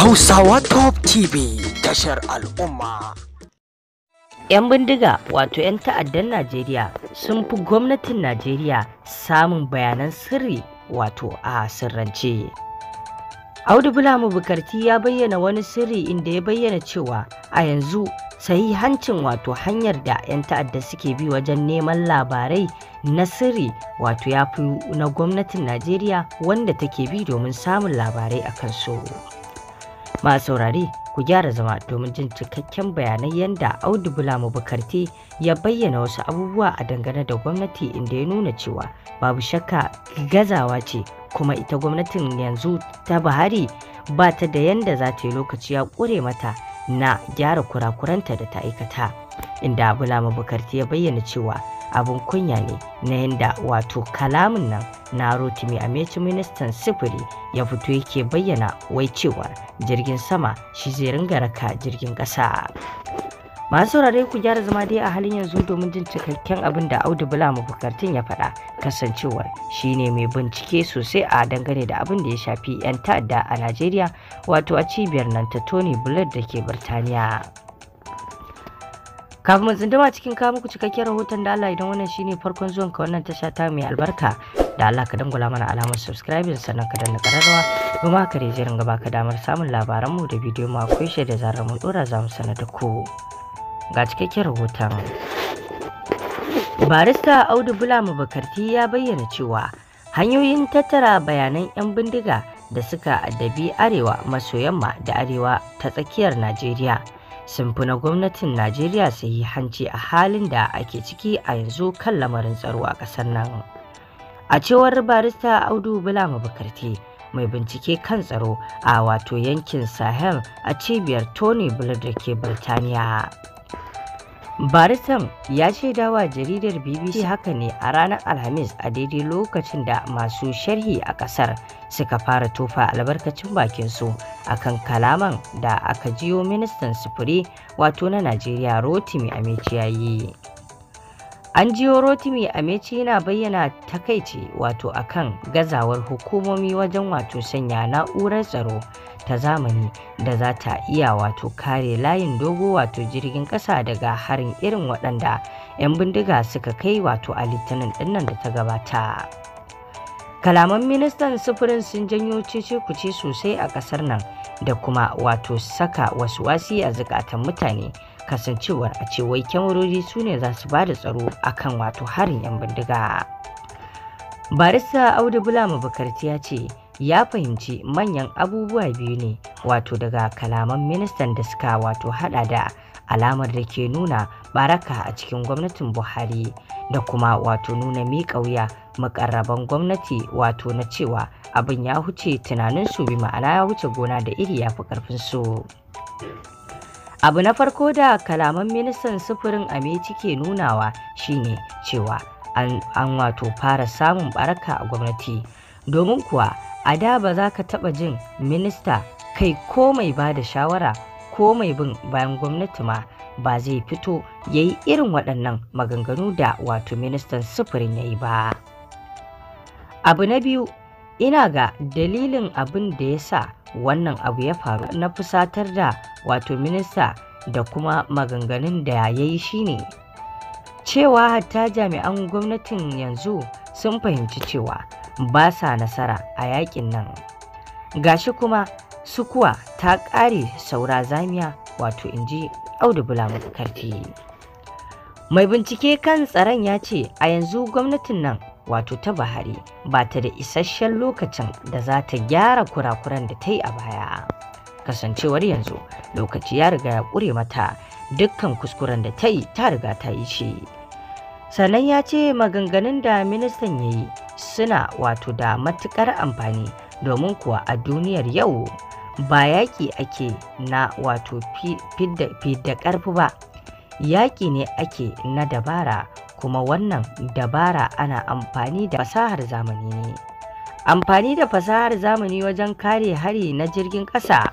Hausawa Top TV tashar al'umma. 'Yan bindiga wato 'yan ta'addan Najeriya sun fi gwamnatin Najeriya samun bayanan sirri wato a sirrance. Audu Bulamu Bukarti ya bayyana wani sirri inda ya bayyana cewa a yanzu sahihancin wato hanyar da 'yan ta'adda suke bi wajen neman labarai na sirri wato ya fi na gwamnatin Najeriya wanda take bi domin samun labarai a kansu. Masu saurari ku gyara zama domin jin cikakken bayanai yadda Audu bulamu Bukarti ya bayyana wasu abubuwa a dangane da gwamnati inda ya nuna cewa babu shakka gazawa ce kuma ita gwamnatin yanzu ta Buhari ba ta da yadda za ta yi lokaci ya ƙure mata na gyara kurakuranta da ta aikata. Inda bulamu Bukarti ya bayyana cewa abun kunya ne na yadda wato kalamin nan na rotimi a ministan sifiri ya fito yake bayyana wai cewa jirgin sama shi zai ringa raka jirgin ƙasa masu wurare ku gyara zama dai a halin yanzu domin jin cikakken abin da audu bula mabukartin ya faɗa kasancewar shine mai bincike sosai a dangane da abin da ya shafi 'yan ta'adda a najeriya wato a cibiyar nan ta tony blood da ke birtaniya Kafin mu tsinduma cikin kawo muku cikakken rahoton da Allah idan wannan shine farkon zuwan ka wannan tasha ta mai albarka da Allah ka dangula mana alamar subscribe sannan ka danna kararrawa kuma ka da ringa gaba ka damar samun labaran mu da bidiyo mu akwai shi zarar mun dora za mu sanar da ku. Ga cikakken rahoton. Barista Audu mu Bakarti ya bayyana cewa hanyoyin tattara bayanan 'yan bindiga da suka addabi arewa maso yamma da arewa ta tsakiyar Najeriya. sun gwamnatin Najeriya gwamnatin yi hanci a halin da ake ciki a yanzu kan lamarin tsaro a ƙasar nan. A cewar barista Audu Bula Bukarti mai bincike kan tsaro a wato yankin Sahel a cibiyar Tony Blair da ke Birtaniya. Baritan ya shaida wa jaridar BBC haka ne a ranar Alhamis a daidai lokacin da masu sharhi a ƙasar suka fara tofa albarkacin bakinsu akan kalaman da aka jiyo ministan sufuri wato na najeriya rotimi Amici ya yi an jiyo rotimi ameci yana bayyana takaici wato akan gazawar hukumomi wajen wato sanya na'urar tsaro ta zamani da za ta iya wato kare layin dogo wato jirgin kasa daga harin irin waɗanda 'yan bindiga suka kai wato a litinin ɗinnan da ta gabata kalaman ministan sufurin sun janyo cece kuce sosai a kasar nan da kuma wato saka wasu wasi a zukatan mutane kasancewar a wai kyamarori su ne za su ba da tsaro akan wato harin 'yan bindiga barista audu bulama bukarti ya ce ya fahimci manyan abubuwa biyu ne wato daga kalaman ministan da suka wato hada da alamar da ke nuna baraka a cikin gwamnatin buhari da kuma wato nuna miƙa wuya makarraban gwamnati wato na cewa abin ya huce tunanin su bi ma'ana ya huce gona da iri ya fi karfin ƙarfinsu abu na farko da kalaman ministan sufurin ameci ke nunawa shine cewa an wato fara samun baraka a gwamnati domin kuwa a da ba za ka taɓa jin minista kai ko mai ba da shawara ko mai bin bayan gwamnati ma ba zai fito ya yi irin waɗannan maganganu da wato ministan sufurin ya yi ba abu na biyu ina ga dalilin abin da ya sa wannan abu ya faru na fusatar da wato minista da kuma maganganun da ya yi shine cewa hatta jami'an gwamnatin yanzu sun fahimci cewa ba sa nasara a yakin nan gashi kuma sukuwa ta ƙare saura zamiya wato inji Audu Bulama Karfi. Mai bincike kan tsaron ya ce a yanzu gwamnatin nan wato ta Buhari ba ta da isasshen lokacin da za ta gyara kurakuran da ta yi a baya. Kasancewar yanzu lokaci ya riga ya ƙure mata dukkan kuskuren da ta yi ta riga ta yi shi. Sannan ya ce maganganun da ministan ya yi suna wato da matuƙar amfani domin kuwa a duniyar yau ba yaƙi ake na wato fidda ƙarfi ba yaƙi ne ake na dabara kuma wannan dabara ana amfani da fasahar zamani ne amfani da fasahar zamani wajen kare hari na jirgin ƙasa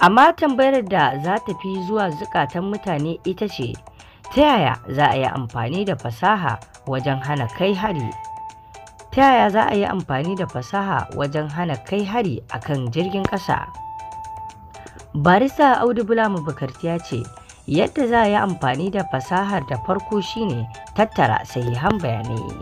amma tambayar da za ta fi zuwa zukatan mutane ita ce ta yaya za a yi amfani da fasaha wajen hana kai hari ta yaya za a yi amfani da fasaha wajen hana kai hari a kan jirgin ƙasa barista audu bulamu bukarti ya ce yadda za a yi amfani da fasahar da farko shine tattara sahihan bayanai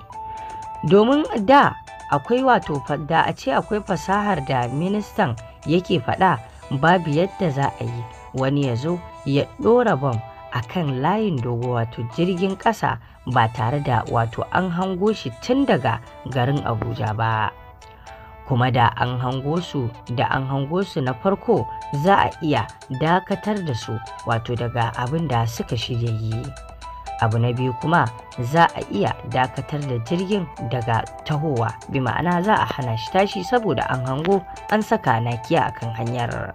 domin da akwai wato da a ce akwai fasahar da ministan yake faɗa babu yadda za a yi wani ya zo ya ɗora bom a kan layin dogo wato jirgin ƙasa ba tare da wato an hango shi tun daga garin Abuja ba. Kuma da an hango su da an hango su na farko za a iya dakatar da su wato daga abin da suka shirya yi. Abu na biyu kuma za a iya dakatar da jirgin daga tahowa bi ma'ana za a hana shi tashi saboda an hango an saka nakiya kan hanyar.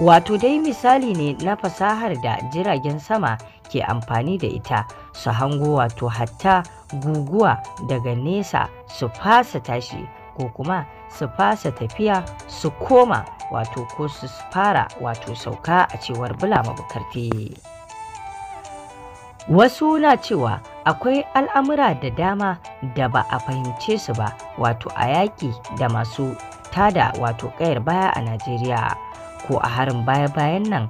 Wato dai misali ne na fasahar da jiragen sama ke amfani da ita su hango wato hatta guguwa daga nesa su fasa tashi ko kuma su fasa tafiya su koma wato ko su fara wato sauka a cewar bula mabukarti wasu na cewa akwai al'amura da dama da ba a fahimce su ba wato a yaƙi da masu tada wato ƙayar baya a najeriya ko a harin baya-bayan nan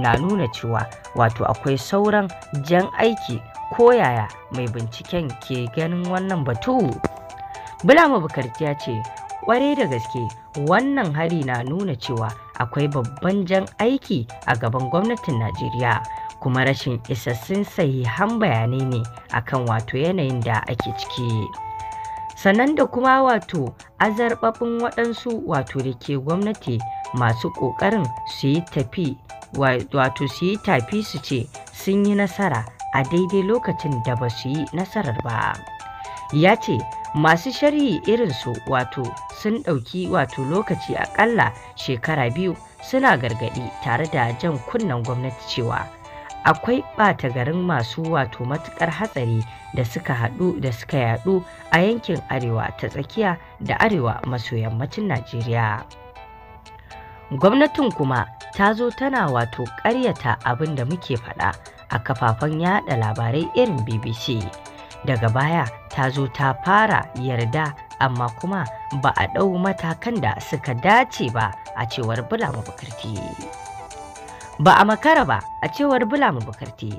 na nuna cewa wato akwai sauran jan aiki ko yaya mai binciken ke ganin wannan batu bulama bukarti ya ce kwarai da gaske wannan hari na nuna cewa akwai babban jan aiki a gaban gwamnatin najeriya kuma rashin isassun sahihan bayanai ne akan wato yanayin da ake ciki sannan da kuma wato azarbabin waɗansu wato da ke gwamnati masu ƙoƙarin su yi tafi wato su yi tafi su ce sun yi nasara a daidai lokacin da ba su yi nasarar ba ya ce masu sharhi irinsu wato sun ɗauki wato lokaci aƙalla shekara biyu suna gargaɗi tare da jan kunnen gwamnati cewa akwai ɓata garin masu wato matuƙar hatsari da suka haɗu da suka yaɗu a yankin arewa ta tsakiya da arewa maso yammacin najeriya gwamnatin kuma ta zo tana wato ƙaryata abin da muke faɗa a kafafen yada labarai irin bbc daga baya ta zo ta fara yarda amma kuma ba a ɗau matakan da suka dace ba a cewar bulama bukarti ba a makara ba a cewar bulama bukarti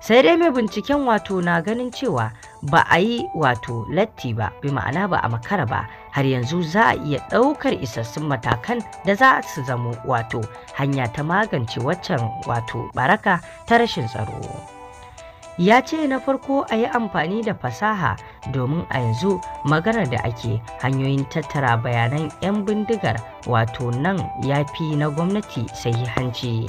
sai dai mai binciken wato na ganin cewa ba a yi wato latti ba bi ma'ana ba a makara ba har yanzu za a iya ɗaukar isassun matakan da za su zamo wato hanya ta magance waccan wato baraka ta rashin tsaro. ya ce na farko a yi amfani da fasaha domin a yanzu maganar da ake hanyoyin tattara bayanan 'yan bindigar wato nan ya fi na gwamnati sai hanci.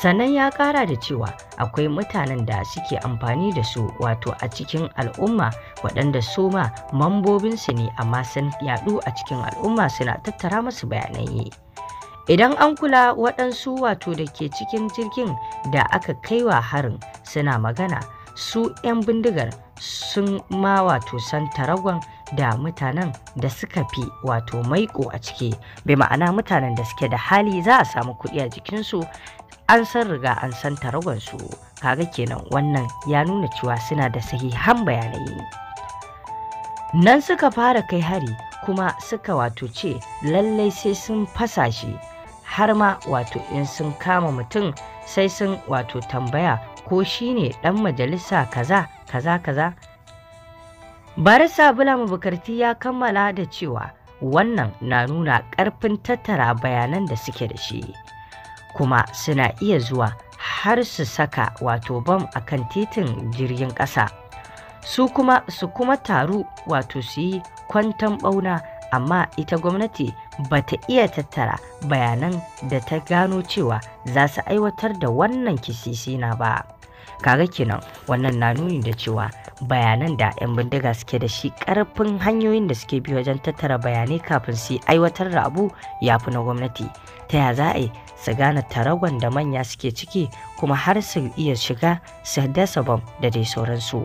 sannan ya kara da cewa akwai mutanen da suke amfani da su wato a cikin al'umma waɗanda su ma mambobinsu ne amma sun yaɗu a cikin al'umma suna tattara masu bayanai idan an kula waɗansu wato da ke cikin jirgin da aka kaiwa harin suna magana su 'yan bindigar sun ma wato santa ragon da mutanen da suka fi wato maiko a ciki bai ma'ana mutanen da suke da hali za a samu kuɗi a jikinsu an san riga an san taragonsu kaga kenan wannan ya nuna cewa suna da sahihan bayanai nan suka fara kai hari kuma suka wato ce lallai sai sun fasa shi har ma wato in sun kama mutum sai sun wato tambaya ko shi ne ɗan majalisa kaza kaza kaza barisa bulamu bukarti ya kammala da cewa wannan na nuna ƙarfin tattara bayanan da suke da shi kuma suna iya zuwa har su saka wato bam a kan titin jirgin ƙasa su kuma su kuma taru wato su yi kwantan ɓauna amma ita gwamnati ba ta iya tattara bayanan da ta gano cewa za su aiwatar da wannan kisisina ba kaga kenan wannan na nuni da cewa bayanan da 'yan bindiga suke da shi karfin hanyoyin da suke bi wajen tattara bayanai kafin su aiwatar da abu ya fi na gwamnati ta ya za a yi su gane taragon da manya suke ciki kuma har su iya shiga su dasa bam da dai sauransu.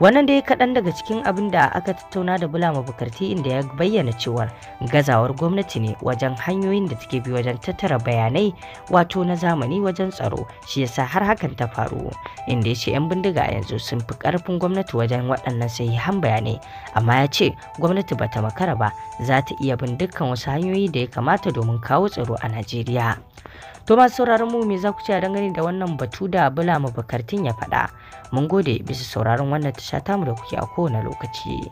wannan dai kaɗan daga cikin abin da aka tattauna da bula mabukarti inda ya bayyana cewar gazawar gwamnati ne wajen hanyoyin da take bi wajen tattara bayanai wato na zamani wajen tsaro shi yasa har hakan ta faru inda ya ce 'yan bindiga a yanzu sun fi ƙarfin gwamnati wajen waɗannan sahihan bayanai amma ya ce gwamnati bata makara ba za ta iya bin dukkan wasu hanyoyi da ya kamata domin kawo tsaro a najeriya To ba sauraron mu me za ku ce dangane da wannan batu da Bula bakartin ya faɗa. Mun gode bisa sauraron wannan tasha tamu da kuke a kowane lokaci.